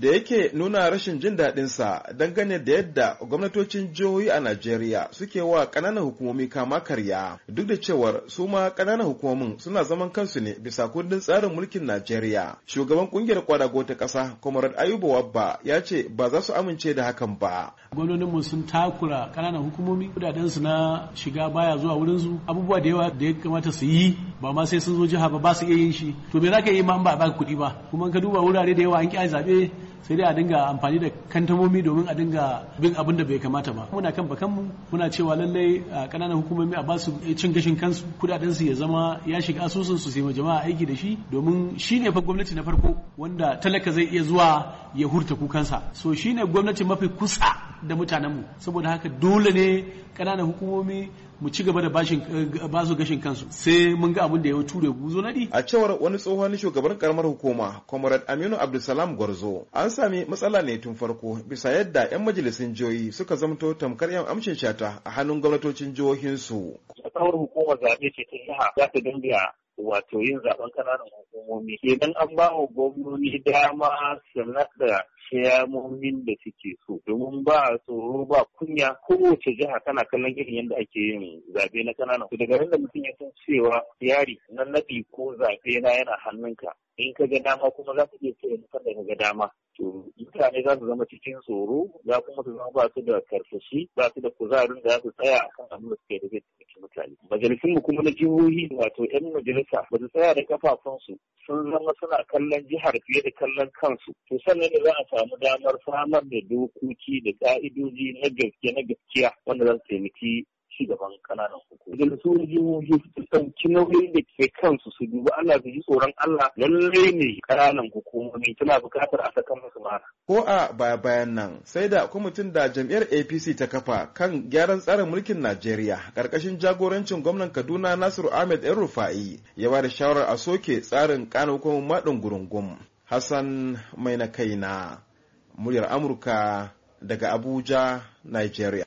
da yake nuna rashin jin daɗinsa dangane da yadda gwamnatocin jihohi a Najeriya suke wa ƙananan hukumomi kama karya duk da cewar su ma ƙananan hukumomin suna zaman kansu ne bisa kundin tsarin mulkin Najeriya. Shugaban ƙungiyar kwadago ta ƙasa Comrade Ayuba Wabba ya ce ba za su amince da hakan ba. Gwamnoninmu sun takura ƙananan hukumomi kudadensu na shiga baya zuwa wurin su abubuwa da yawa da ya kamata su yi ba ma sai sun zo jiha ba ba su iya yin shi to me za ka yi ma ba ba kuɗi ba kuma ka duba wurare da yawa an ƙi a zaɓe sai dai a dinga amfani da kantamomi domin a dinga bin abin da bai kamata ba muna kan bakan mu muna cewa lallai kananan hukumomi a basu eh, cin gashin kansu kudaden su ya zama ya shiga asusun su sai jama'a aiki da shi domin shine fa gwamnati na farko wanda talaka zai iya zuwa ya hurta kukansa so shine gwamnati mafi kusa da mutanenmu saboda haka dole ne ƙananan hukumomi mu ci gaba da ba eh, su gashin kansu sai mun ga abin da ya ture guzo nadi a cewar wani tsohon shugaban karamar hukuma comrade aminu abdulsalam gwarzo an sami matsala ne tun farko bisa yadda yan majalisun jihohi suka zamto tamkar yan amshin shata a hannun gwamnatocin jihohinsu tsawon hukumar zaɓe ce ta jiha za wato yin zaben ƙananan hukumomi idan an ba wa gwamnoni dama sannan da muhimmin da suke so domin ba tsoro ba kunya kowace jiha tana kallon irin yadda ake yin zabe na kanana to daga da mutum ya san cewa yari na naɗi ko zabe na yana hannunka in ka ga dama kuma za ka iya so mutum da ga dama to mutane za su zama cikin tsoro za kuma su zama ba su da karsashi ba su da kuzarin da za su tsaya akan abin da suke da misali majalisun mu kuma na jihohi wato yan majalisa ba su tsaya da kafafunsu sun zama suna kallon jihar fiye da kallon kansu to sannan ne za a samu damar samar da dokoki da ka'idoji na gaske na gaskiya wanda zan su taimaki ci gaban ƙananan hukumomi. Majalisun jihohi su ɗauki nauyin da ke kansu su dubi Allah su ji tsoron Allah Lalle ne ƙananan hukumomi tana buƙatar a saka musu mara. Ko a baya bayan nan sai da kwamitin da jam'iyyar APC ta kafa kan gyaran tsarin mulkin Najeriya ƙarƙashin jagorancin gwamnan Kaduna Nasiru Ahmed ‘yan Rufa'i ya ba da shawarar a soke tsarin ƙana hukumomin maɗin gurungum. Hassan Mai na kaina, muryar Amurka daga Abuja, Nigeria.